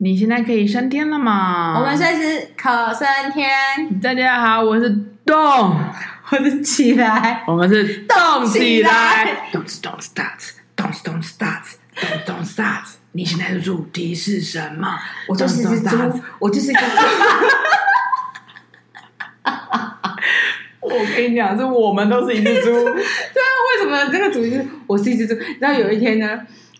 你現在可以升天了嗎？我們隨時可升天。大家好，我是動，我是起來，我們是動起來。起來 don't don't start, don't, don't start, don't, don't start。你現在的主題是什麼？我就是一隻豬，don't, don't 我就是一個豬。 我跟你講，是我們都是一隻豬。 對啊，為什麼這個主題是我是一隻豬？然後有一天呢？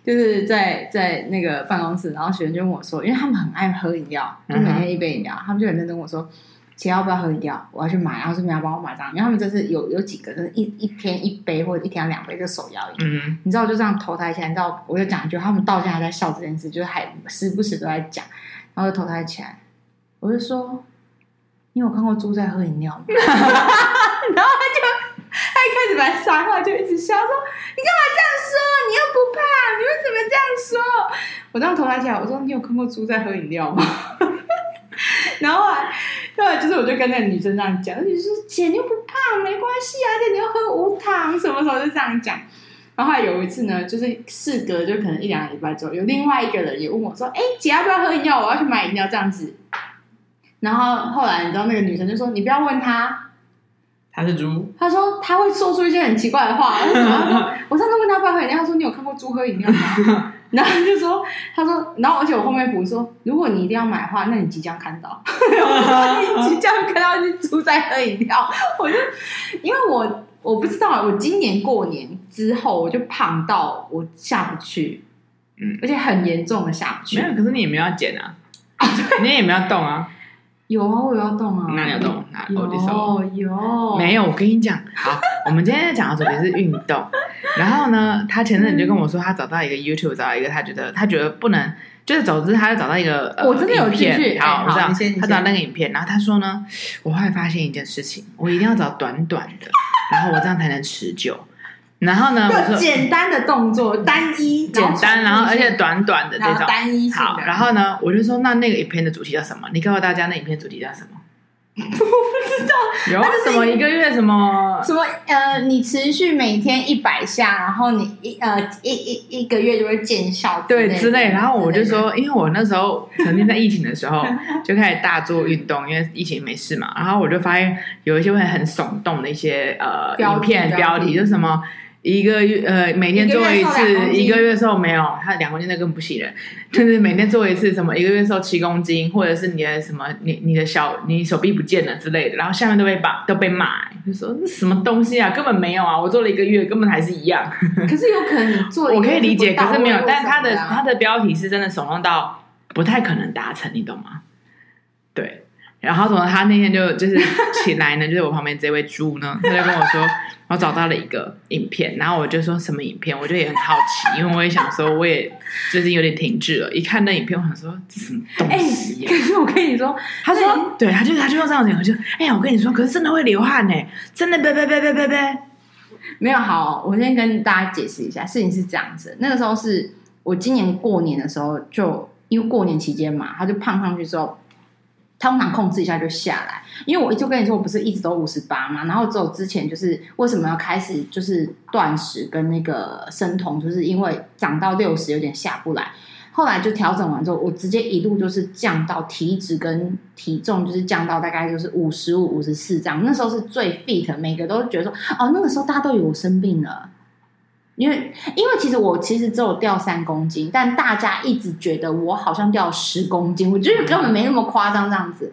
就是在在那個辦公室，然後學生就問我說：“因為他們很愛喝飲料，就每天一杯飲料，嗯，他們就很認真我說，錢要不要喝飲料？我要去買，然後順便要幫我買上。因為他們就是有有幾個，就是一一天一杯或者一天兩杯，就手搖飲，嗯。你知道就這樣投胎前，你知道我就講一句，他們到現在還在笑這件事，就是還時不時都在講，然後就投胎起來，我就說，你有看過豬在喝飲料嗎， 然後他就。”一開始把傻，後來就一直笑，說：“你幹嘛這樣說？你又不怕？你為什麼這樣說？”我這樣頭抬起來，我說：“你有看過豬在喝飲料嗎？” 然後後來，後來就是，我就跟那個女生這樣講，女生說：“姐，你又不胖，沒關係啊，姐，你要喝無糖，什麼時候就這樣講？”然後，後來有一次呢，就是事隔就可能一兩個禮拜之後，有另外一個人也問我說：“哎、欸，姐要不要喝飲料？我要去買飲料這樣子。”然後後來你知道，那個女生就說：“你不要問他。”還是豬，他說他會說出一些很奇怪的話。我上次問他喝飲料，他說，你有看過豬喝飲料嗎？ 然後就說他說，然後而且我後面補說，如果你一定要買的話，那你即將看到， 你即將看到一隻豬在喝飲料。我就因為我我不知道，我今年過年之後我就胖到我下不去，嗯，而且很嚴重的下不去。沒有，可是你也沒有要減啊， 你也沒有要動啊。有啊，我要動啊！那你有動？那，裡、啊？我的手有、有？沒有？我跟你講，好，我們今天在講的主題是運動。 然後呢，他前陣子就跟我說，他找到一個 YouTube， 找到一個他覺得、嗯、他覺得不能，就是總之，他就找到一個。呃、我真的有進去、哎。好，這、啊、他找到那個影片，然後他說呢，我後來發現一件事情，我一定要找短短的， 然後我這樣才能持久。然後呢？就簡單的動作，單一，簡單，然後而且短短的這種，單一，好，然後呢？我就說，那那個影片的主題叫什麼？你告訴大家那影片主題叫什麼？ 我不知道。有為什麼？一個月什麼？什麼？呃，你持續每天一百下，然後你呃一呃一一一,一,一個月就會見效，對，之類的。然後我就說， 因為我那時候曾經在疫情的時候就開始大做運動，因為疫情沒事嘛。然後我就發現有一些會很聳動的一些呃影片標題，就是什麼。一個月，呃，每天做一次，一個月瘦個月沒有，他兩公斤那更不行了。就是每天做一次什麼，一個月瘦七公斤，或者是你的什麼，你你的小你手臂不見了之類的，然後下面都被綁都被罵，就說那什麼東西啊，根本沒有啊，我做了一個月根本還是一樣。 可是有可能你做一，我可以理解，可是沒有，但是他的他的標題是真的聳動到不太可能達成，你懂嗎？對。然後，怎麼，他那天就就是起來呢，就是我旁邊這位豬呢， 他就跟我說，我找到了一個影片。然後我就說，什麼影片？我就也很好奇，因為我也想說，我也最近，就是，有點停滯了。一看那影片，我想說，這什麼東西，啊欸？可是我跟你說，他說，欸、對他就他就用這樣講，就哎呀，我跟你說，可是真的會流汗呢、欸，真的，別別別別別沒有好，我先跟大家解釋一下，事情是這樣子。那個時候是我今年過年的時候就，就因為過年期間嘛，他就胖上去之後。通常控制一下就下來，因為我就跟你說，我不是一直都五十八嘛，然後之後之前就是為什麼要開始就是斷食跟那個生酮，就是因為長到六十有點下不來，後來就調整完之後，我直接一路就是降到體脂跟體重，就是降到大概就是五十五、五十四這樣，那時候是最 fit，每個都覺得說，哦，那個時候大家都以為我生病了。因為，因為其實我其實只有掉三公斤，但大家一直覺得我好像掉十公斤，我覺得根本沒那麼誇張這樣子。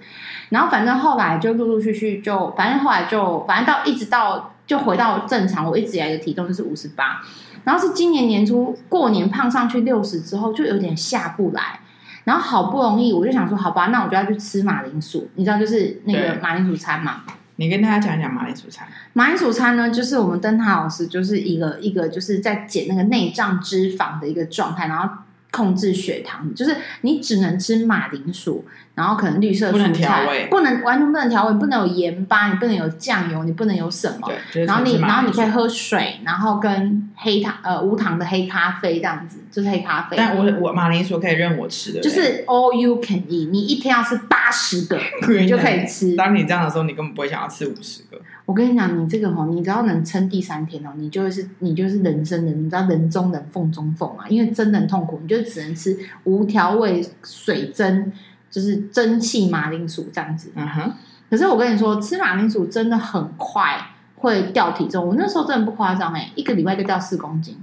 然後反正後來就陸陸續續就，反正後來就，反正到一直到就回到正常，我一直以來的體重就是五十八。然後是今年年初過年胖上去六十之後，就有點下不來。然後好不容易我就想說，好吧，那我就要去吃馬鈴薯，你知道就是那個馬鈴薯餐嘛。你跟大家講一講馬鈴薯餐。馬鈴薯餐呢，就是我們燈塔老師就是一個一個，就是在減那個內臟脂肪的一個狀態，然後。控制血糖，就是你只能吃馬鈴薯，然後可能綠色蔬菜調味，不能完全不能調味，不能有鹽巴，你不能有醬油，你不能有什麼。嗯就是、然後你，然後你可以喝水，然後跟黑糖，呃無糖的黑咖啡這樣子，就是黑咖啡。但我我，我馬鈴薯可以任我吃的，就是 all you can eat，你一天要吃八十個，你就可以吃。 當你這樣的時候，你根本不會想要吃五十個。我跟你講，你這個哈、哦，你只要能撐第三天哦，你就是你就是人生的你知道人中人鳳中鳳嘛，因為真的很痛苦，你就只能吃無調味水蒸，就是蒸汽馬鈴薯這樣子。嗯哼。可是我跟你說，吃馬鈴薯真的很快會掉體重，我那時候真的不誇張哎、欸，一個禮拜就掉四公斤。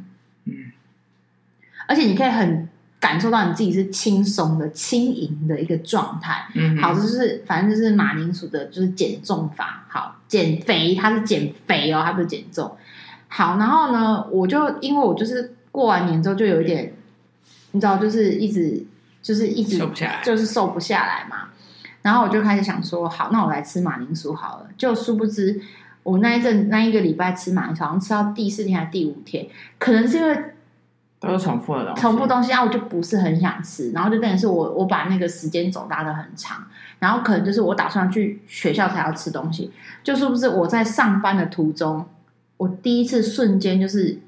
嗯。而且你可以很。感受到你自己是輕鬆的、輕盈的一個狀態。嗯，好，就是反正就是馬鈴薯的，就是減重法。好，減肥它是減肥哦，它不是減重。好，然後呢，我就因為我就是過完年之後就有一點，你知道，就是一直就是一直瘦不下來，就是瘦不下來嘛。然後我就開始想說，好，那我來吃馬鈴薯好了。就殊不知，我那一陣那一個禮拜吃馬鈴薯，好像吃到第四天還是第五天，可能是因為。都是重複的重複東西，然後、啊、我就不是很想吃，然後就等於是我我把那個時間軸拉的很長，然後可能就是我打算去學校才要吃東西，就是不是我在上班的途中，我第一次瞬間就是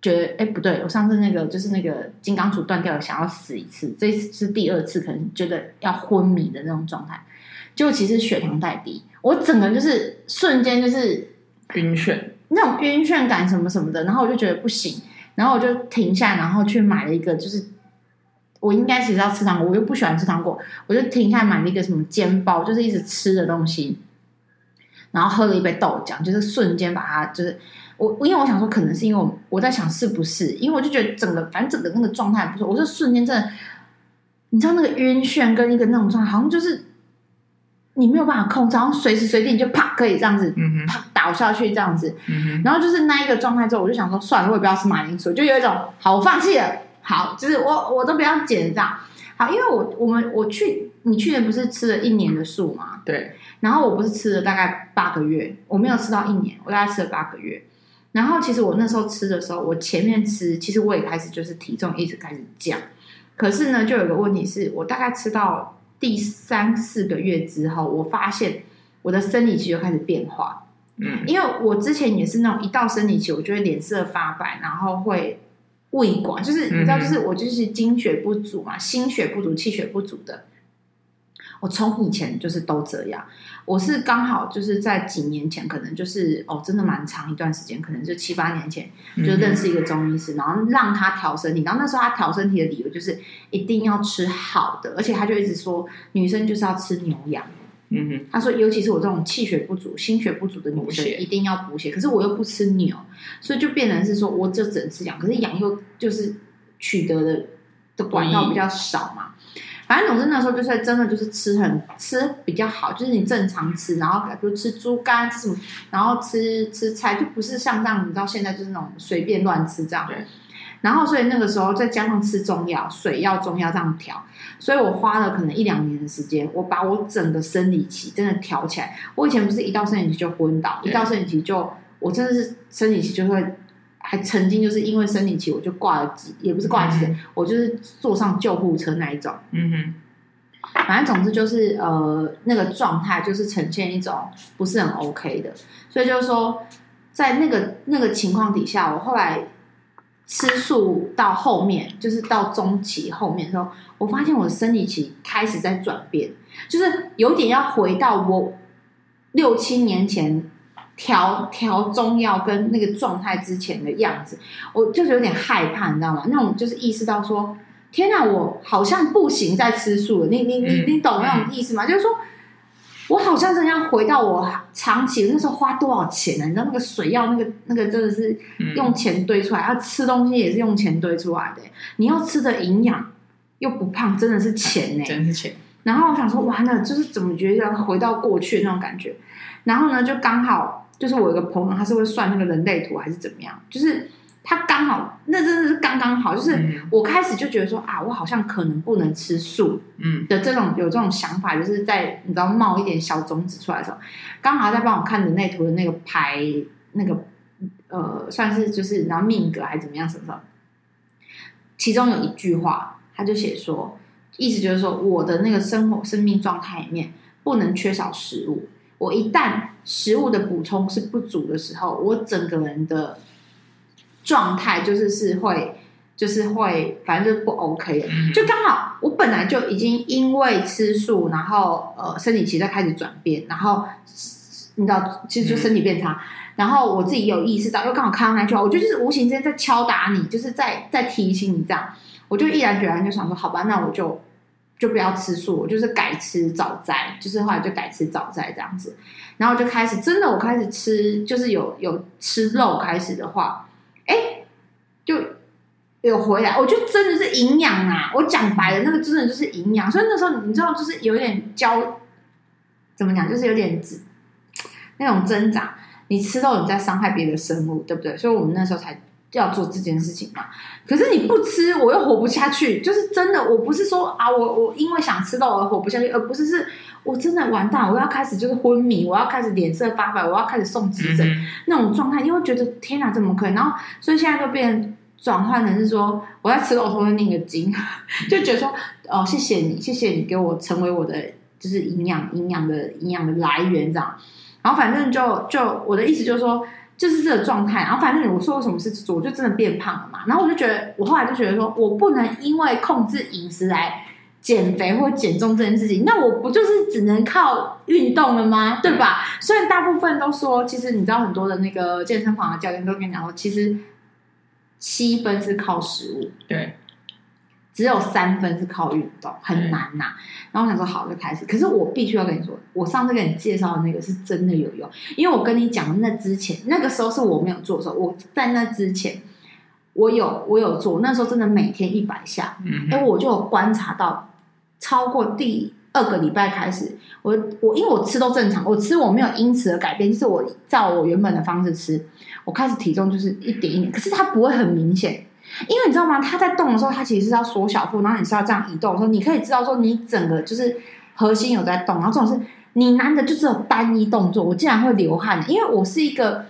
覺得哎、欸、不對，我上次那個就是那個金剛杵斷掉了，想要死一次，這一次是第二次，可能覺得要昏迷的那種狀態，就其實血糖太低，我整個就是瞬間就是暈眩，那種暈眩感什麼什麼的，然後我就覺得不行。然後我就停下，然後去買了一個，就是我應該其實是要吃糖果，我又不喜歡吃糖果，我就停下買了一個什麼煎包，就是一直吃的東西，然後喝了一杯豆漿，就是瞬間把它，就是我因為我想說，可能是因為我在想是不是，因為我就覺得整個反正整個那個狀態不錯，我就瞬間真的，你知道那個暈眩跟一個那種狀態，好像就是。你沒有辦法控制，然後隨時隨地你就啪可以這樣子、嗯哼、啪倒下去這樣子、嗯哼，然後就是那一個狀態之後，我就想說算了，我也不要吃馬鈴薯，就有一種好，我放棄了，好，就是我我都不要減這樣，好，因為我我們我去你去年不是吃了一年的素嘛、嗯，對，然後我不是吃了大概八個月，我沒有吃到一年，我大概吃了八個月，然後其實我那時候吃的時候，我前面吃其實我也開始就是體重一直開始降，可是呢，就有個問題是我大概吃到。第三四個月之後，我發現我的生理期就開始變化。嗯，因為我之前也是那種一到生理期，我就會臉色發白，然後會胃管，就是嗯嗯你知道，就是我就是精血不足嘛，心血不足、氣血不足的。我從以前就是都這樣，我是剛好就是在幾年前，可能就是、嗯、哦，真的蠻長一段時間、嗯，可能就七八年前、嗯、就是、認識一個中醫師，然後讓他調身體。然後那時候他調身體的理由就是一定要吃好的，而且他就一直說女生就是要吃牛羊。嗯哼，他說尤其是我這種氣血不足、心血不足的女生，一定要補血，補血。可是我又不吃牛，所以就變成是說我就只能吃羊。可是羊又就是取得的的管道比較少嘛。嗯反正總之那時候就是真的就是吃很吃比較好，就是你正常吃，然後就吃豬肝吃什麼，然後吃吃菜，就不是像這樣。你知道現在就是那種隨便亂吃這樣。對。然後所以那個時候再加上吃中藥、水藥、中藥這樣調，所以我花了可能一兩年的時間，我把我整個生理期真的調起來。我以前不是一到生理期就昏倒，一到生理期就我真的是生理期就會。還曾經就是因為生理期，我就掛了機，也不是掛機，嗯，我就是坐上救護車那一種。嗯哼，反正總之就是呃，那個狀態就是呈現一種不是很 OK 的。所以就是說，在那個那個情況底下，我後來吃素到後面，就是到中期後面的時候，我發現我的生理期開始在轉變，就是有點要回到我六七年前，嗯調調中藥跟那個狀態之前的樣子，我就是有點害怕，你知道嗎？那種就是意識到說，天哪、啊，我好像不行再吃素了。你你你你懂那種意思嗎？嗯嗯、就是說我好像真的要回到我長期那時候花多少錢呢？你知道那個水藥那個那個真的是用錢堆出來，要、嗯啊、吃東西也是用錢堆出來的、欸。你要吃的營養又不胖，真的是錢呢、欸。真的是錢。然後我想說，完了，就是怎麼覺得回到過去那種感覺。然後呢，就剛好。就是我有個朋友，他是會算那個人類圖還是怎麼樣？就是他剛好，那真的是剛剛好。就是我開始就覺得說啊，我好像可能不能吃素。嗯，的這種有這種想法，就是在你知道冒一點小種子出來的時候，剛好在幫我看人類圖的那個牌，那個呃，算是就是你知道命格還是怎麼樣什麼什麼。其中有一句話，他就寫說，意思就是說，我的那個生活生命狀態裡面不能缺少食物。我一旦食物的補充是不足的時候，我整個人的狀態就是是會，就是會，反正就是不 OK 了。就剛好我本來就已經因為吃素，然後呃，身體其實在開始轉變，然後你知道，其實就身體變差。然後我自己有意識到，又剛好看到那句話，我就就是無形之間在敲打你，就是在在提醒你這樣。我就毅然決然就毅然就想說，好吧，那我就。就不要吃素，我就是改吃早齋，就是後來就改吃早齋這樣子，然後就開始真的，我開始吃，就是有有吃肉開始的話，哎、欸，就有回來，我就真的是營養啊！我講白了，那個真的就是營養，所以那時候你知道，就是有點焦，怎麼講，就是有點那種掙扎。你吃肉你在傷害別的生物，對不對？所以我們那時候才。要做這件事情嘛？可是你不吃，我又活不下去。就是真的，我不是說啊，我我因為想吃肉而活不下去，而不是是我真的完蛋，我要開始就是昏迷，我要開始臉色發白，我要開始送急診那種狀態。你會覺得天啊，這麼可憐，然後所以現在就變轉換成是說，我要吃肉，同時念個經，就覺得說哦，謝謝你，謝謝你給我成為我的就是營養營養的營養的來源這樣。然後反正就就我的意思就是說。就是這個狀態，然後反正我說了什麼事，我就真的變胖了嘛。然後我就覺得，我後來就覺得，說我不能因為控制飲食來減肥或減重這件事情，那我不就是只能靠運動了嗎？對吧？對，雖然大部分都說，其實你知道，很多的那個健身房的教練都跟你講說，其實七分是靠食物，對。只有三分是靠運動，很難吶。然後我想說，好，就開始。可是我必須要跟你說，我上次跟你介紹的那個是真的有用，因為我跟你講那之前，那個時候是我沒有做的時候，我在那之前，我有我有做，那時候真的每天一百下。嗯，哎、欸，我就觀察到，超過第二個禮拜開始，我我因為我吃都正常，我吃我沒有因此而改變，就是我照我原本的方式吃，我開始體重就是一點一點，可是它不會很明顯。因為你知道嗎？他在動的時候，他其實是要縮小腹，然後你是要這樣移動的時候，說你可以知道說你整個就是核心有在動。然後這種是你難的，就是單一動作，我竟然會流汗，因為我是一個。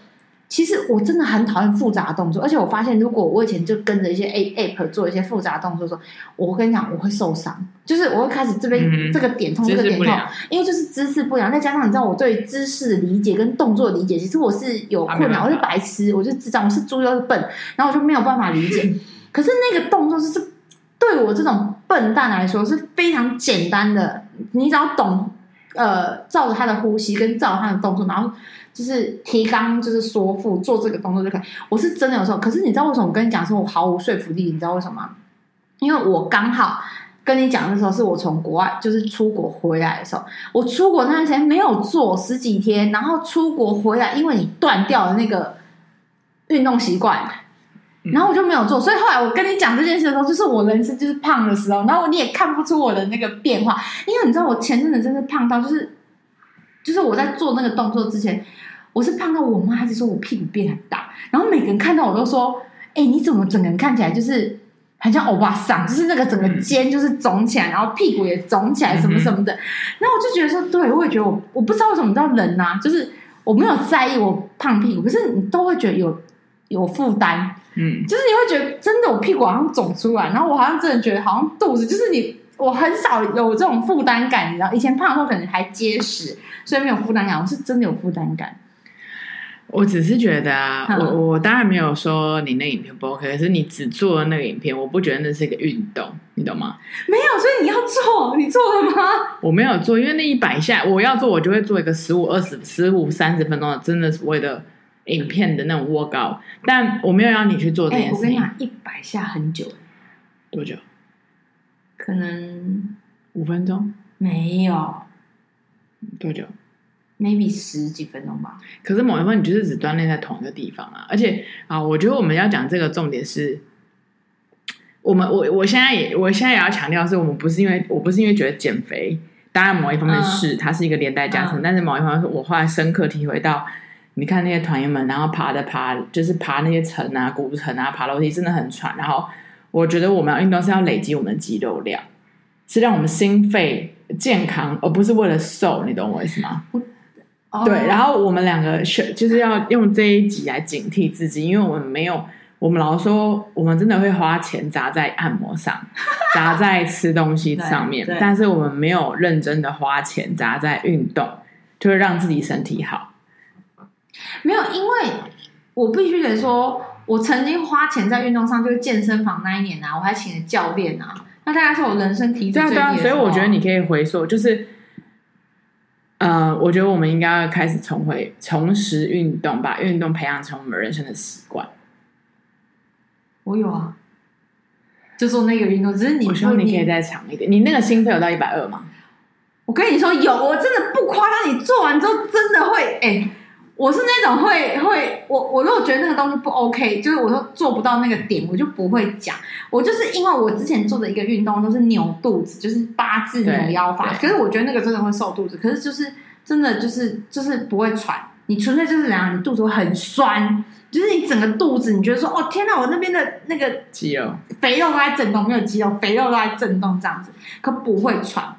其實我真的很討厭複雜動作，而且我發現，如果我以前就跟着一些 A App 做一些複雜的動作說，說我跟你講，我會受傷，就是我會開始這邊這個點痛，這個點痛、這個，因為就是姿勢不一樣，再加上你知道我對姿勢理解跟動作理解，其實我是有困難、啊，我是白痴，我就知道我是豬又是笨，然後我就沒有辦法理解。嗯、可是那個動作、就是對我這種笨蛋來說是非常簡單的，你只要懂，呃，照着他的呼吸跟照他的動作，然後。就是提肛，就是說服做這個動作就可以。我是真的有時候，可是你知道為什麼我跟你講說我毫無說服力？你知道為什麼嗎？因為我剛好跟你講的時候，是我從國外就是出國回來的時候。我出國那段時間沒有做十幾天，然後出國回來，因為你斷掉了那個運動習慣，然後我就沒有做。所以後來我跟你講這件事的時候，就是我人生就是胖的時候，然後你也看不出我的那個變化，因為你知道我前陣子真的胖到就是。就是我在做那個動作之前，我是胖到我媽就說我屁股變很大，然後每個人看到我都說：“哎、欸，你怎麼整個人看起來就是很像歐巴桑，就是那個整個肩就是腫起來，然後屁股也腫起來，什麼什麼的。嗯”然後我就覺得說：“對，我也覺得我我不知道為什麼你知道冷啊，就是我沒有在意我胖屁股，可是你都會覺得有有負擔，嗯，就是你會覺得真的我屁股好像腫出來，然後我好像真的覺得好像肚子就是你。”我很少有這種負擔感，你知道？以前胖的時候可能還結實，所以沒有負擔感。我是真的有負擔感。我只是覺得、啊嗯，我我當然沒有說你那影片不 OK，可是你只做了那個影片，我不覺得那是一個運動，你懂嗎？沒有，所以你要做，你做了嗎？ 我沒有做，因為那一百下，我要做我就會做一個十五二十、十五三十分鐘的，真的是為了影片的那種 workout 但我沒有讓你去做這件事情、欸。我跟你講，一百下很久，多久？可能五分鐘沒有多久，maybe 十幾分鐘吧。可是某一方面，你就是只鍛鍊在同一個地方啊。嗯、而且啊，我覺得我們要講這個重點是，我們我我現在也我現在也要強調，是我們不是因為我不是因為覺得減肥，當然某一方面是、嗯、它是一個連帶加成、嗯，但是某一方面是我後來深刻體會到，你看那些團員們，然後爬的爬，就是爬那些城啊、古城啊、爬樓梯真的很喘，然後。我覺得我們運動是要累積我們的肌肉量，是讓我們心肺健康，嗯、而不是為了瘦。你懂我意思嗎？對、哦。然後我們兩個是就是要用這一集來警惕自己，因為我們沒有，我們老說我們真的會花錢砸在按摩上， 砸在吃東西上面，但是我們沒有認真的花錢砸在運動，就是讓自己身體好。沒有，因為我必須得說。我曾經花錢在運動上，就是健身房那一年啊，我還請了教練啊。那大概是我的人生體脂最高的時候。對啊，對啊，所以我覺得你可以回溯，就是，嗯、呃，我覺得我們應該要開始重回、重拾運動，把運動培養成我們人生的習慣。我有啊，就做那個運動，只是你，我希望你可以再長一點。你那個心肺有到一百二嗎？我跟你說，有，我真的不誇張，你做完之後真的會哎。我是那種會會我我如果覺得那個東西不 OK，就是我說做不到那個點，我就不會講。我就是因為我之前做的一個運動都是扭肚子，就是八字扭腰法。可是我覺得那個真的會瘦肚子，可是就是真的就是就是不會喘。你純粹就是怎樣、啊，你肚子會很酸，就是你整個肚子你覺得說哦天哪，我那邊的那個肌肉、肥肉都在震動，沒有肌肉、肥肉都在震動這樣子，可不會喘。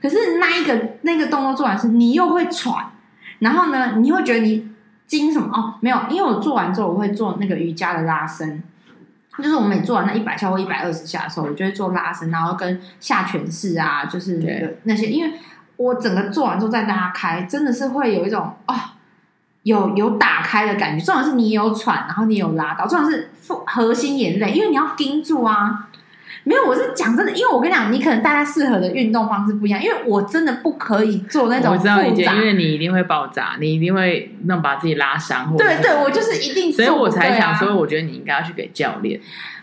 可是那一個那一個動作做完是你又會喘。然後呢，你會覺得你筋什麼哦？沒有，因為我做完之後，我會做那個瑜伽的拉伸，就是我每做完那一百下或一百二十下的時候，我就會做拉伸，然後跟下犬式啊，就是那些，因為我整個做完之後再拉開，真的是會有一種哦，有有打開的感覺。重要是你有喘，然後你有拉到，重要是核心也累，因為你要盯住啊。沒有，我是講真的，因為我跟你講，你可能大家適合的運動方式不一樣。因為我真的不可以做那種複雜，我知道你今天因為你一定會爆炸，你一定會那把自己拉傷。對對，我就是一定做、啊，所以我才想說，我覺得你應該要去給教練。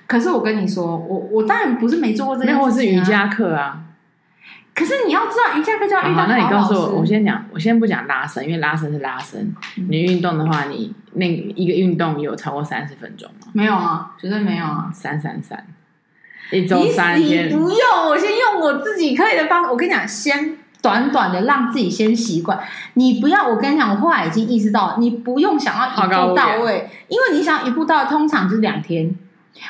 可是我跟你說，我我當然不是沒做過這個、啊，我是瑜伽課啊。可是你要知道，瑜伽課就要遇到老老、啊。那你告訴我，我先講，我先不講拉伸，因為拉伸是拉伸。你運動的話，你那個、一個運動有超過三十分鐘嗎？沒有啊，絕對沒有啊，三三三。一三你你不用，我先用我自己可以的方法。我跟你講，先短短的讓自己先習慣。你不要，我跟你講，我後來已經意識到了，你不用想要一步到位，因為你想要一步到位，通常就是兩天。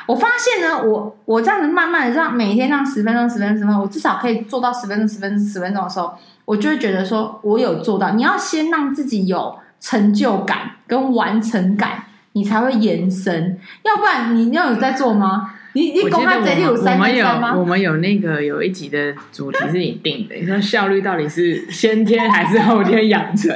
我發現呢，我我這樣子慢慢的讓每天讓十分鐘、十分鐘、十分鐘，我至少可以做到十分鐘、十分鐘、十分鐘的時候，我就會覺得說我有做到。你要先讓自己有成就感跟完成感，你才會延伸。要不然，你要有在做嗎？你你公開這裡有三十嗎？我們有那個有一集的主題是你定的、欸。你 說效率到底是先天還是後天養成？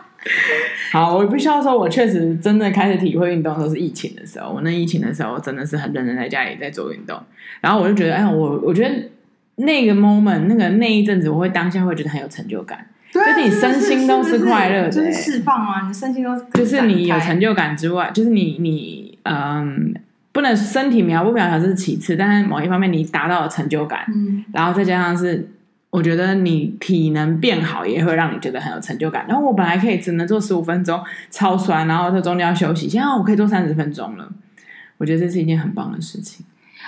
好，我不需要說，我確實真的開始體會運動，都是疫情的時候。我那疫情的時候，真的是很認真在家裡在做運動。然後我就覺得，哎，我我覺得那個 moment 那個那一陣子，我會當下會覺得很有成就感，對啊、就是你身心都是快樂的釋、欸是是是是就是、放啊！你身心都是就是你有成就感之外，就是你你嗯。不能身體苗不苗條，這是其次，但是某一方面你達到了成就感，嗯，然後再加上是我覺得你體能變好也會讓你覺得很有成就感。然後我本來可以只能做十五分鐘超酸，然後在中間休息，現在我可以做三十分鐘了。我覺得這是一件很棒的事情。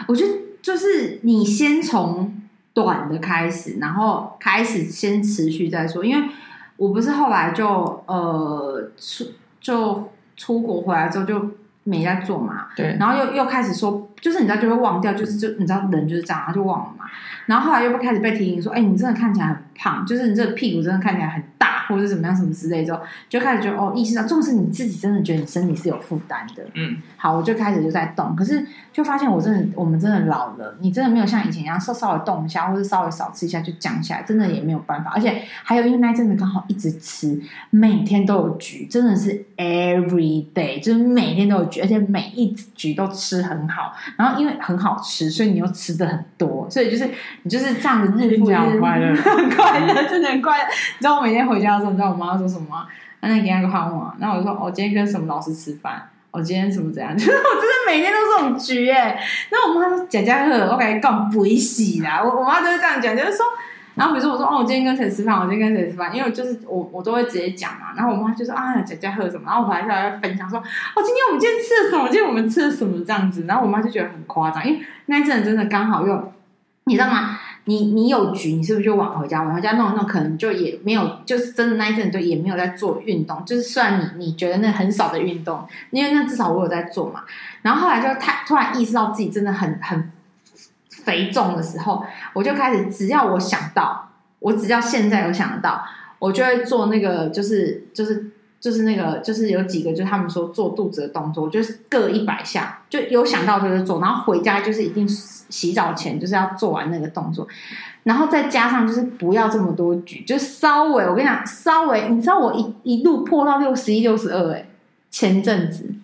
我覺得就是你先從短的開始，然後開始先持續再說。因為我不是後來就呃出就出國回來之後就。沒在做嘛，對，然後又又開始說，就是你知道就會忘掉，就是就你知道人就是這樣，然後就忘了嘛。然後後來又開始被提醒說，哎，你真的看起來很胖，就是你這個屁股真的看起來很。或者怎麼樣什麼之類，之後就開始覺得哦，意識到重視你自己，真的覺得你身體是有負擔的。嗯，好，我就開始就在動，可是就發現我真的，嗯、我們真的老了，你真的沒有像以前一樣，稍稍微動一下，或者稍微少吃一下就降下來，真的也沒有辦法。嗯、而且還有因為那陣子剛好一直吃，每天都有局，真的是 every day，就是每天都有局，而且每一局都吃很好。然後因為很好吃，所以你又吃的很多，所以就是你就是這樣子日復一日，就是、快樂， 很快樂，真的很快樂。你知道我每天回家。你知道我媽說什麼、啊？她那那給她個號碼。那我就說，我、哦、今天跟什麼老師吃飯？我、哦、今天什麼怎樣？呵呵就是我真的每天都這種局哎。然後我媽說：“賈家赫我 k 幹不會洗啦。我”我我媽就是這樣講，就是說，然後比如說我說：“哦，我今天跟誰吃飯？我今天跟誰吃飯？”因為我就是我我都會直接講嘛。然後我媽就說：“啊，賈家喝什麼？”然後我本來再來分享說：“哦，今天我們今天吃了什麼？今天我們吃了什麼？”這樣子，然後我媽就覺得很誇張，因為那陣真的剛好用，你知道嗎？你你有局，你是不是就往回家？往回家弄一弄，可能就也沒有，就是真的那陣就也沒有在做運動。就是算你你覺得那很少的運動，因為那至少我有在做嘛。然後後來就太突然意識到自己真的很很肥重的時候，我就開始只要我想到，我只要現在有想到，我就會做那個、就是，就是就是。就是那個，就是有幾個，就是他們說做肚子的動作，就是各一百下，就有想到就是做，然後回家就是一定洗澡前就是要做完那個動作，然後再加上就是不要這麼多舉，就稍微我跟你講，稍微你知道我一一路破到六十一、六十二，欸，前陣子，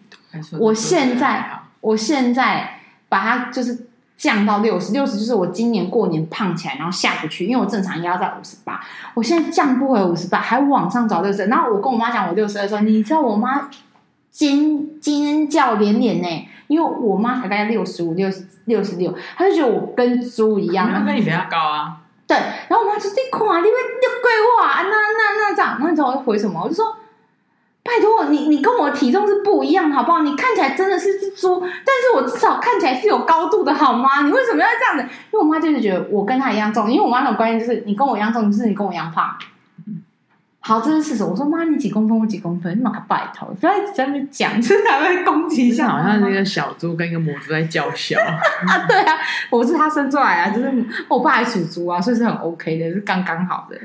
我現在我現在把它就是。降到六十，六十就是我今年過年胖起來，然後下不去，因為我正常壓在五十八，我現在降不回五十八，還往上找六十。然後我跟我媽講我六十二的時候，你知道我媽尖尖叫連連呢？欸，因為我媽才大概六十五、六十六，她就覺得我跟豬一樣。那跟你比要高啊。對，然後我媽就立啊你面要跪我，啊，那那那這樣，那你知道我回什麼？我就說。拜託你你跟我體重是不一樣，好不好？你看起來真的是隻豬，但是我至少看起來是有高度的，好嗎？你為什麼要這樣子？因為我媽就是覺得我跟她一樣重，因為我媽的關係就是你跟我一樣重，就是你跟我一樣胖。好，這是事實。我說媽，你幾公分？我幾公分？你媽個拜託，不要在，在那邊講，這、就是在攻擊一下媽媽，好像是一個小豬跟一個母豬在叫囂。啊，對啊，我是他生出來啊，就是我爸還屬豬啊，所以是很 OK 的，是剛剛好的。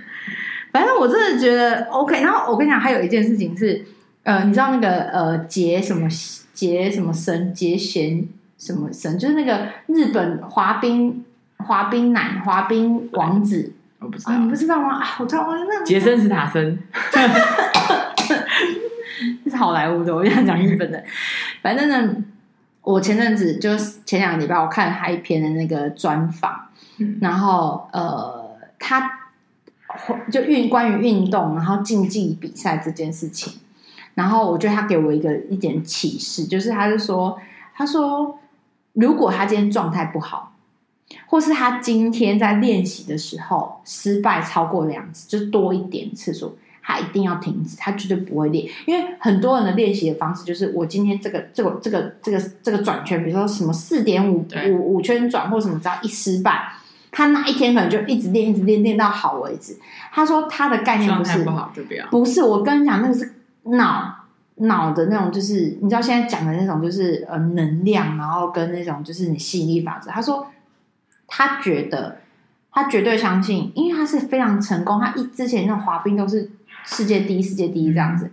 反正我真的覺得 OK，然後我跟你講，還有一件事情是，呃，你知道那個呃，傑什麼傑什麼神傑弦什麼神，就是那個日本滑冰滑冰男滑冰王子，嗯，啊、我不知道，不知道啊啊你不知道嗎？好像傑森·斯塔森，是好萊塢的，我想講日本的，嗯。反正呢，我前陣子就是前兩個禮拜我看了他一篇的那個專訪，然後呃，他。就運關於運動，然後競技比賽這件事情，然後我覺得他給我一個一點啟示，就是他就說，他說如果他今天狀態不好，或是他今天在練習的時候失敗超過兩次，就多一點次數，他一定要停止，他絕對不會練。因為很多人的練習的方式就是，我今天這個這個這個這個這個轉圈，比如說什麼四點五五五圈轉或什麼，只要一失敗。他那一天可能就一直練，一直練，練到好為止。他說他的概念不是，不,不,不是我跟你講那個是腦腦的那種，就是你知道現在講的那種，就是呃能量，然後跟那種就是你吸引力法則。他說他覺得他絕對相信，因為他是非常成功，他一之前那種滑冰都是世界第一，世界第一這樣子。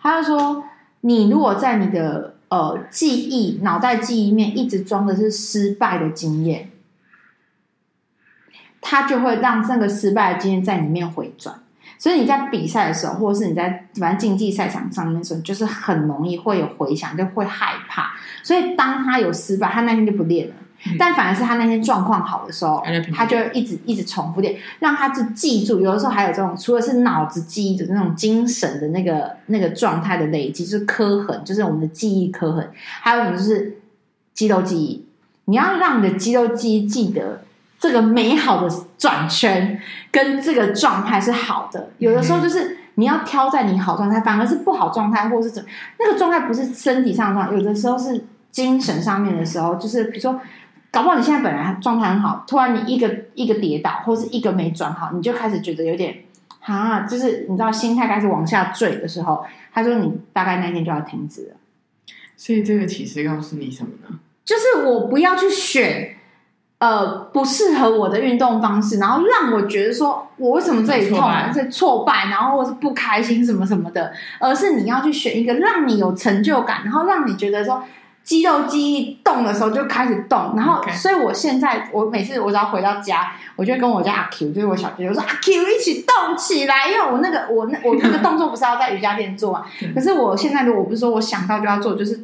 他就說你如果在你的呃記憶腦袋記憶面一直裝的是失敗的經驗。他就會讓這個失敗的經驗在裡面回轉，所以你在比賽的時候，或者是你在反正競技賽場上面的時候，就是很容易會有回響，就會害怕。所以當他有失敗，他那天就不練了、嗯；但反而是他那天狀況好的時候，嗯、他就一直一直重複練，讓他就記住。有的時候還有這種，除了是腦子記憶的，就是、那種精神的那個那個狀態的累積，就是刻痕，就是我們的記憶刻痕。還有什麼就是肌肉記憶？你要讓你的肌肉記憶記得。這個美好的轉圈跟這個狀態是好的，有的時候就是你要挑在你好狀態，反而是不好狀態，或是怎那個狀態不是身體上的，有的時候是精神上面的時候，就是比如說，搞不好你現在本來狀態很好，突然你一個一個跌倒，或是一個沒轉好，你就開始覺得有點啊，就是你知道心態開始往下墜的時候，他說你大概那一天就要停止了。所以這個其實告訴你什麼呢？就是我不要去選。呃，不適合我的運動方式，然後讓我覺得說，我為什麼這裡痛，啊，是挫，挫敗，然後或是不開心什麼什麼的，而是你要去選一個讓你有成就感，然後讓你覺得說，肌肉記憶動的時候就開始動，然後，Okay. 所以我現在我每次我只要回到家，我就跟我家阿 Q，就是我小學，我說阿 Q 一起動起來喲，因為我那個我那我那個動作不是要在瑜伽墊做嘛、啊， 可是我現在如果我不是說我想到就要做，就是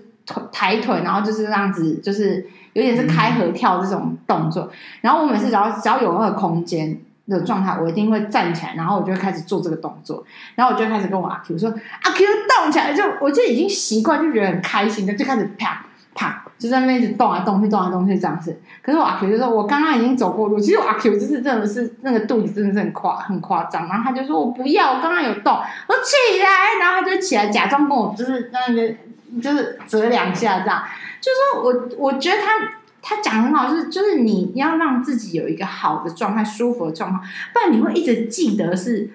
抬腿，然後就是這樣子，就是。有點是開合跳這種動作，嗯、然後我每次只要只要有那個空間的狀態，我一定會站起來，然後我就會開始做這個動作，然後我就開始跟我阿 Q 說：“阿 Q 動起來！”就我就已經習慣，就覺得很開心的，就開始啪啪，就在那邊一直動啊動去，動啊動去這樣子。可是我阿 Q 就說：“我剛剛已經走過路。”其實我阿 Q 就是真的是那個肚子真的是很誇很誇張，然後他就說我不要，我剛剛有動，我起來，然後他就起來假裝跟我就是那個。就是折兩下這樣，就是說我我覺得他他講很好，就是就是你要讓自己有一個好的狀態、舒服的狀態，不然你會一直記得是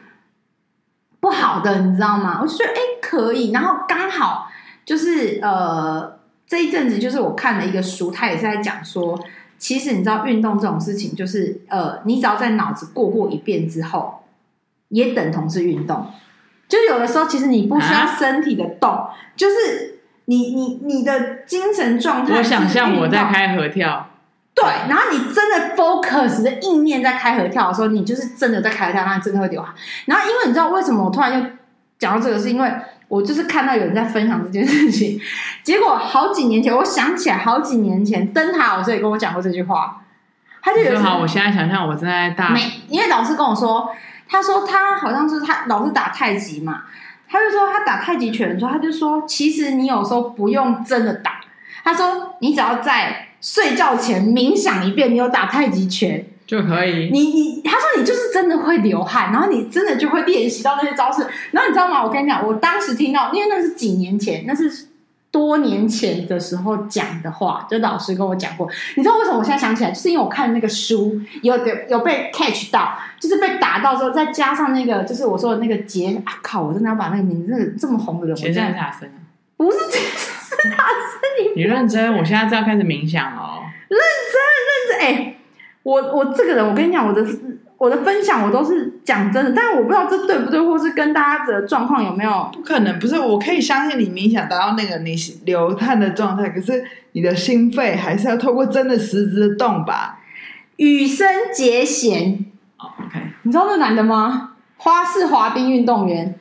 不好的，你知道嗎？我就說哎可以，然後剛好就是呃這一陣子就是我看了一個書，他也是在講說，其實你知道運動這種事情，就是呃你只要在腦子過過一遍之後，也等同是運動，就有的時候其實你不需要身體的動，啊、就是。你你你的精神狀態，我想象我在開合跳，跳，對，然後你真的 focus 的意念在開合跳的時候，你就是真的在開合跳，那你真的會流汗啊。然後，因為你知道為什麼我突然又講到這個，是因為我就是看到有人在分享這件事情，結果好幾年前，我想起來好幾年前，燈塔老師也跟我講過這句話，他就覺得好。我現在想象我正在打。」因為老師跟我說，他說他好像就是他老是打太極嘛。他就說他打太極拳的時候，他就說其實你有時候不用真的打，他說你只要在睡覺前冥想一遍，你有打太極拳就可以。你你他說你就是真的會流汗，然後你真的就會練習到那些招式。然後你知道嗎？我跟你講，我當時聽到，因為那是幾年前，那是。多年前的時候講的話，就老師跟我講過。你知道為什麼我現在想起來？就是因為我看那個書，有有有被 catch 到，就是被打到之後，再加上那個，就是我說的那個結，啊靠！我真的要把那個名字、那個、這麼紅的人。寫在大聲不是、嗯、是大你，不你認真，我現在就要開始冥想了。認真，認真，哎、欸，我我這個人，我跟你講，我的。嗯我的分享我都是講真的，但是我不知道這對不對，或是跟大家的狀況有沒有？不可能，不是，我可以相信你冥想達到那個你流汗的狀態，可是你的心肺還是要透過真的實質的動吧。羽生結弦、oh，OK，你知道那男的嗎？花式滑冰運動員，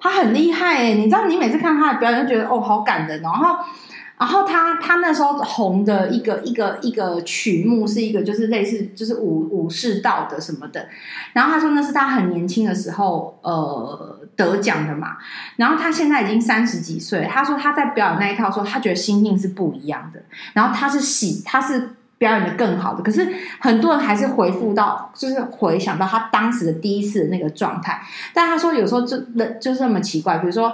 他很厲害誒、欸，你知道你每次看他的表演就覺得哦好感人、哦，然後。然後他他那時候紅的一個一個一個曲目是一個就是類似就是武武士道的什麼的，然後他說那是他很年輕的時候呃得獎的嘛，然後他現在已經三十幾歲，他說他在表演那一套說他覺得心境是不一樣的，然後他是喜他是表演的更好的，可是很多人還是回復到就是回想到他當時的第一次那個狀態，但他說有時候就，就就是那麼奇怪，比如說。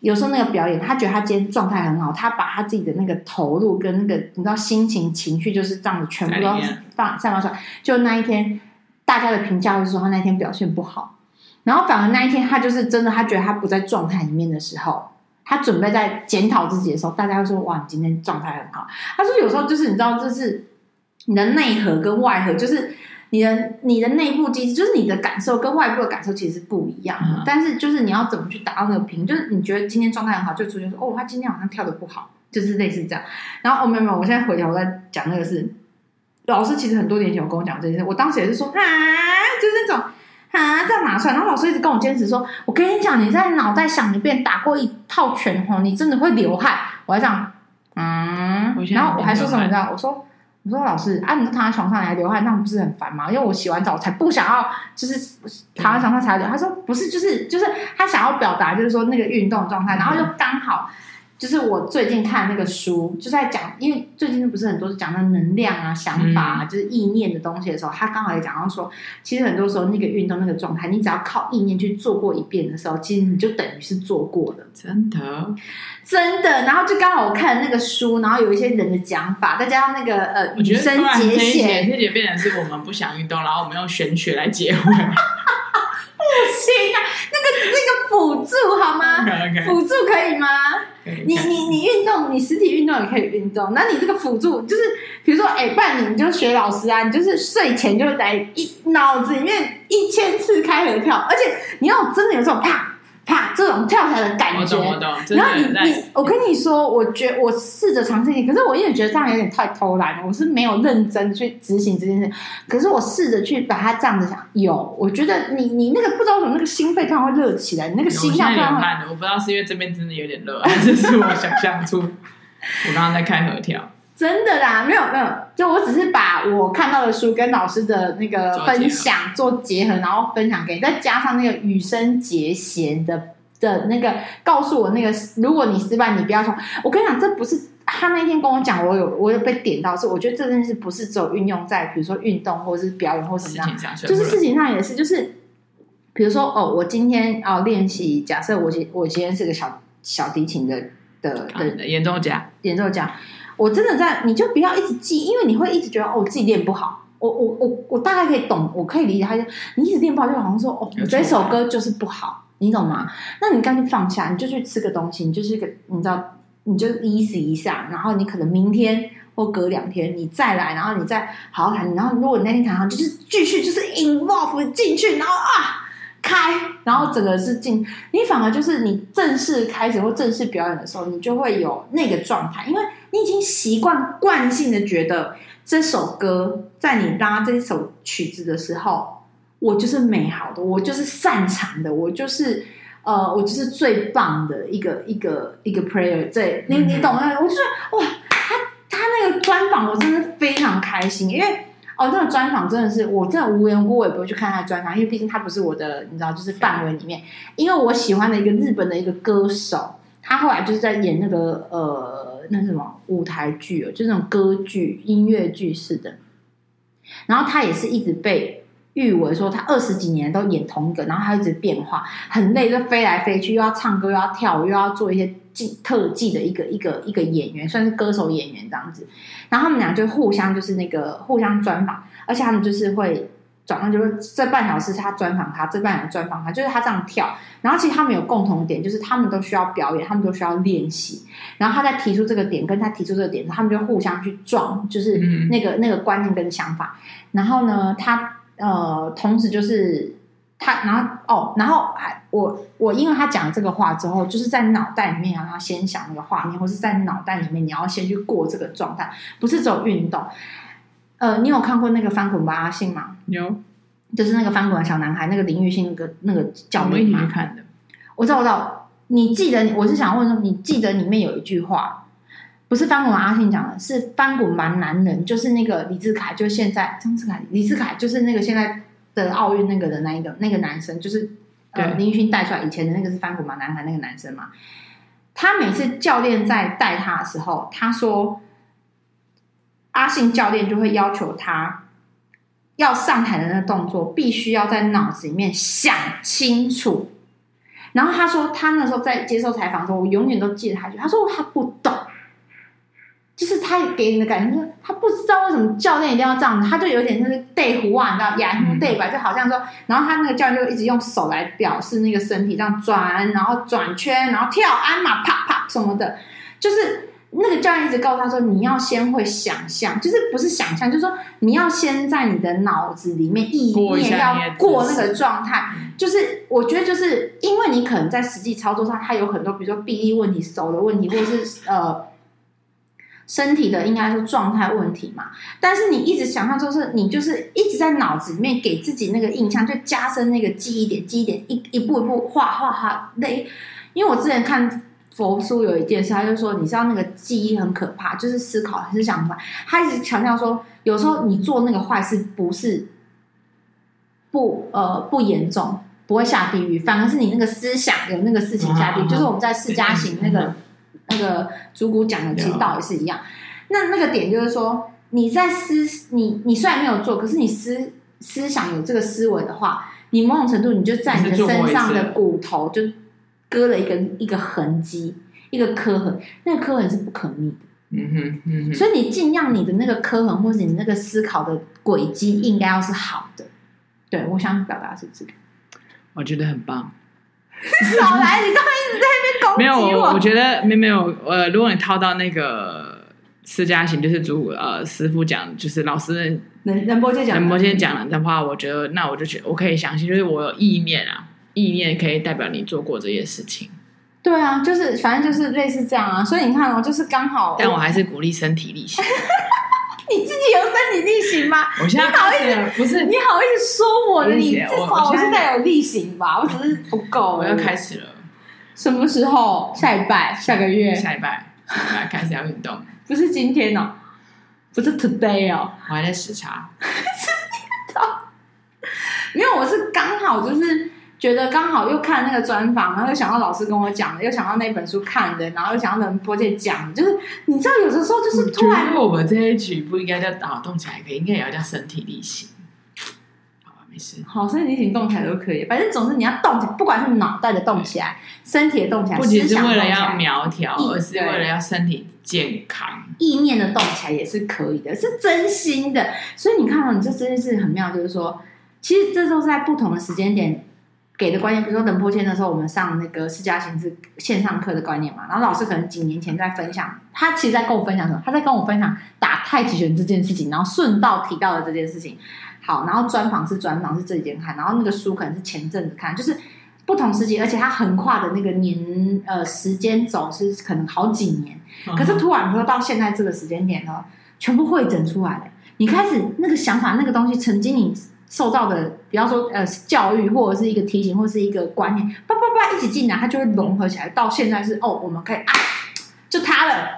有時候那個表演，他覺得他今天狀態很好，他把他自己的那個投入跟那個你知道心情情緒就是這樣子全部都放散發出來。就那一天，大家的評價就是說他那一天表現不好，然後反而那一天他就是真的，他覺得他不在狀態裡面的時候，他準備在檢討自己的時候，大家就說哇，你今天狀態很好。他說有時候就是你知道這，就是你的內核跟外核，就是。你的你的內部機制就是你的感受跟外部的感受其實不一樣、嗯、但是就是你要怎麼去達到那個平衡？就是你覺得今天狀態很好，就出現說哦，他今天好像跳得不好，就是類似這樣。然後哦，沒有沒有，我現在回頭在講那個事，老師，其實很多年前有跟我講這件事，我當時也是說啊，就是那種啊這樣拿出來，然後老師一直跟我堅持說，我跟你講，你在腦袋想一遍，打過一套拳吼，你真的會流汗。我還想嗯，然後我還說什麼你知道，我說。我說老師啊，你躺在床上來流汗，那不是很煩？嗎？因為我洗完澡才不想要，就是躺在床上才來流。他說不是，就是就是他想要表達就是說那個運動狀態，然後就剛好。就是我最近看那個書，就是、在講，因為最近不是很多是講到能量啊、想法啊、嗯，就是意念的東西的時候，他剛好也講到說，其實很多時候那個運動那個狀態，你只要靠意念去做過一遍的時候，其實你就等於是做過了。真的，真的。然後就剛好我看那個書，然後有一些人的講法，再加上那個呃，我覺得突然間，間變成是我們不想運動， 然後我們用玄學來解惑。 行啊，那個那個輔助好嗎？輔助可以嗎？你你你運動，你實體運動也可以運動。那你這個輔助，就是比如說，哎，不然你就學老師啊，你就是睡前就在一腦子裡面一千次開合跳，而且你要真的有種。哎跳起來的感覺，我懂我懂。真的然後你你，我跟你說，我覺得我試着嘗試一，可是我一直覺得這樣有點太偷懶了。我是沒有認真去執行這件事，可是我試着去把它這樣子想。有，我覺得你你那個不知道什麼，那個心肺突然會熱起來，你那個心跳突然。慢。的，我不知道是因為這邊真的有點熱，還是，是我想象出 我剛剛在開合跳。真的啦，沒有沒有，就我只是把我看到的書跟老師的那個分享做結，做結合，然後分享給你，再加上那個羽生結弦的。的那個告訴我，那個如果你失敗，你不要說。我跟你講，這不是他那一天跟我講，我有我有被點到，是我覺得這件事不是只有運用在比如說運動或者是表演或什麼樣，就是事情上也是，就是比如說哦，我今天要練習，假設我我今天是個小小提琴的的的演奏家，演奏家，我真的在你就不要一直記，因為你會一直覺得哦，我自己練不好，我我我我大概可以懂，我可以理解他，你一直練不好，就好像說哦，整首歌就是不好。你懂嗎？那你乾脆放下，你就去吃個東西，你就是一個，你知道，你就意思一下。然後你可能明天或隔兩天你再來，然後你再好好彈。然後如果你那天彈好，就是繼續就是 involve 進去，然後啊開，然後整個是進。你反而就是你正式開始或正式表演的時候，你就會有那個狀態，因為你已經習慣慣性的覺得這首歌在你拉這首曲子的時候。我就是美好的，我就是擅長的，我就是呃，我就是最棒的一個一個一個 player。對，你你懂嗎？嗯、我就是哇，他他那個專訪，我真的非常開心，因為哦，那個專訪真的是我真的無緣無故也不會去看他的專訪，因為畢竟他不是我的，你知道，就是範圍裡面。因為我喜歡的一個日本的一個歌手，他後來就是在演那個呃那什麼舞台劇哦，就是、那種歌劇、音樂劇似的。然後他也是一直被。譽文說：“他二十幾年都演同一個，然後他一直變化，很累，就飛來飛去，又要唱歌，又要跳，又要做一些技特技的一個一個一個演員，算是歌手演員這樣子。然後他們倆就互相就是那個互相專訪，而且他們就是會轉換，就是這半小時是他專訪他，這半小時專訪他，就是他這樣跳。然後其實他們有共同點，就是他們都需要表演，他們都需要練習。然後他在提出這個點，跟他在提出這個點，他們就互相去撞，就是那個、嗯、那個觀念跟想法。然後呢，他。”呃，同時就是他，然後哦，然後還我我，我因為他講這個話之後，就是在腦袋裡面，你要他先想那個畫面，或是在腦袋裡面，你要先去過這個狀態，不是走運動。呃，你有看過那個翻滾吧阿信嗎？有、嗯，就是那個翻滾的小男孩，那個林育信那個那個教練嘛？我以前看的。我知道，知道你記得？我是想問說，你記得裡面有一句話？不是翻滾吧阿信講的，是翻滾吧男人，就是那個李智凱，就現在張智凱，李智凱就是那個現在的奧運那個的那一個那個男生，就是呃林育信帶出來以前的那個是翻滾吧男孩那個男生嘛。他每次教練在帶他的時候，他說阿信教練就會要求他要上台的那個動作必須要在腦子裡面想清楚。然後他說他那時候在接受採訪的時候，我永遠都記得他一句，他說他不懂。就是他給你的感覺，就是他不知道為什麼教練一定要這樣子，他就有點像、就是帶糊啊，你知道呀？對吧？就好像說，然後他那個教練就一直用手來表示那個身體這樣轉，然後轉圈，然後跳鞍馬，啪啪什麼的。就是那個教練一直告訴他說，你要先會想象，就是不是想象，就是說你要先在你的腦子裡面意念要過那個狀態。就是我覺得，就是因為你可能在實際操作上，他有很多，比如說臂力問題、手的問題，或者是呃。身體的應該是狀態問題嘛，但是你一直想象就是你就是一直在腦子裡面給自己那個印象，就加深那個記憶點，記憶點一一步一步畫畫畫累。因為我之前看佛書有一件事，他就說，你知道那個記憶很可怕，就是思考還是想法，他一直強調說有時候你做那個壞事不是不呃不嚴重，不會下地獄，反而是你那個思想有那個事情下地獄，啊、就是我們在釋迦行那個。那個主骨講的其實道理是一樣，那那個點就是說，你在思你你雖然沒有做，可是你思思想有這個思維的話，你某種程度你就在你的身上的骨頭就割了一個一個痕跡，一個磕痕，那個磕痕是不可逆的。嗯哼。嗯哼，所以你儘量你的那個磕痕或者你那個思考的軌跡應該要是好的。對，我想表達是這個，我覺得很棒。 少來！你這麼一直在那邊攻擊我。沒有，我覺得沒有沒有。呃，如果你套到那個私家型，就是主呃師傅講，就是老師能能伯先講，伯先講了的話，我覺得那我就覺我可以相信，就是我有意念啊，意念可以代表你做過這些事情。對啊，就是反正就是類似這樣啊。所以你看哦，就是剛好。但我還是鼓勵身體力行。 你自己有身體力行嗎？我現在，你好意思，不是你好意思說我的？我你至少我，在我現在有力行吧？我只是不夠。我要開始了，什麼時候？下禮拜？下，下個月？下禮拜？下禮拜開始要運動？ 不是今天哦，不是 today 哦，我還在時差。真 的？沒有，我是剛好就是。覺得剛好又看那個專訪，然後又想到老師跟我講的，又想到那本書看的，然後又想到能播。姐講，就是你知道，有的時候就是突然。因、嗯、為我們這一局不應該叫啊、哦、動起來可以，應該也要叫身體力行。好吧，沒事。好，身體力行動起來都可以，反正總之你要動起來，不管是腦袋的動起來，身體的動起來，不只是，是為了要苗條，而是為了要身體健康。意念的動起來也是可以的，是真心的。所以你看到、哦、你這真的是很妙，就是說，其實這都是在不同的時間點。給的觀念，比如說等破千的時候，我們上那個釋家行是線上課的觀念嘛，然後老師可能幾年前在分享，他其實在跟我分享什麼？他在跟我分享打太極拳這件事情，然後順道提到了這件事情。好，然後專訪是專訪是這幾天看，然後那個書可能是前陣子看，就是不同時期，而且他橫跨的那個年呃時間走是可能好幾年，可是突然說到現在這個時間點呢，全部會診出來了，你開始那個想法那個東西，曾經你受到的。比方說，呃，教育或者是一個提醒，或者是一個觀念，叭叭叭一起進來，它就會融合起來。到現在是哦，我們可以啊，就他了。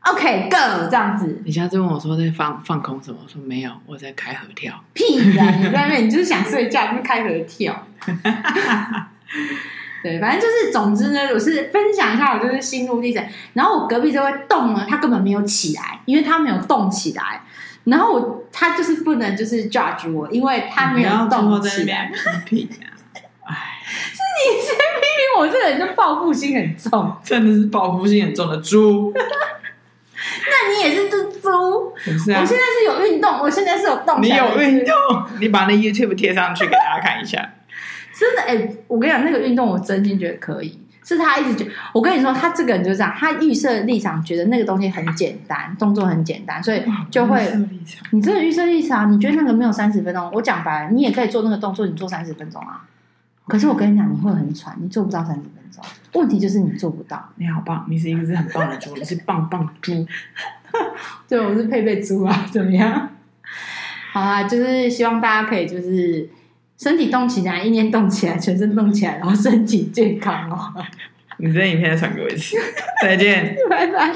OK，go、okay，這樣子。你上次問我說在放放空什麼？我說沒有，我在開合跳。屁的，你在外面你就是想睡覺，就 開合跳。 對，反正就是，總之呢，我是分享一下，我就是心路歷程。然後我隔壁就會動了，他根本沒有起來，因為他沒有動起來。然後我他就是不能就是抓住我，因為他沒有動起來。批評啊！哎， 是你先批評我，這個人就報復心很重， 真的是報復心很重的豬。 那你也是只豬？ 我現在是有運動，我現在是有動，你有運動，你把那 YouTube 貼上去給大家看一下。 真的哎、欸，我跟你講，那個運動我真心覺得可以。是他一直覺得，我跟你說，他這個人就是這樣，他預設立場覺得那個東西很簡單，動作很簡單，所以就會。你真的預設立場，你覺得那個沒有三十分鐘，我講白了，你也可以做那個動作，你做三十分鐘啊。可是我跟你講，你會很喘，你做不到三十分鐘。問題就是你做不到。你好棒，你是一個是很棒的豬，你是棒棒豬。對，我是佩佩豬啊，怎麼樣？好啊，就是希望大家可以就是。身體動起來，意念動起來，全身動起來，然後身體健康哦。你這影片再傳給我一次， 再見，拜拜。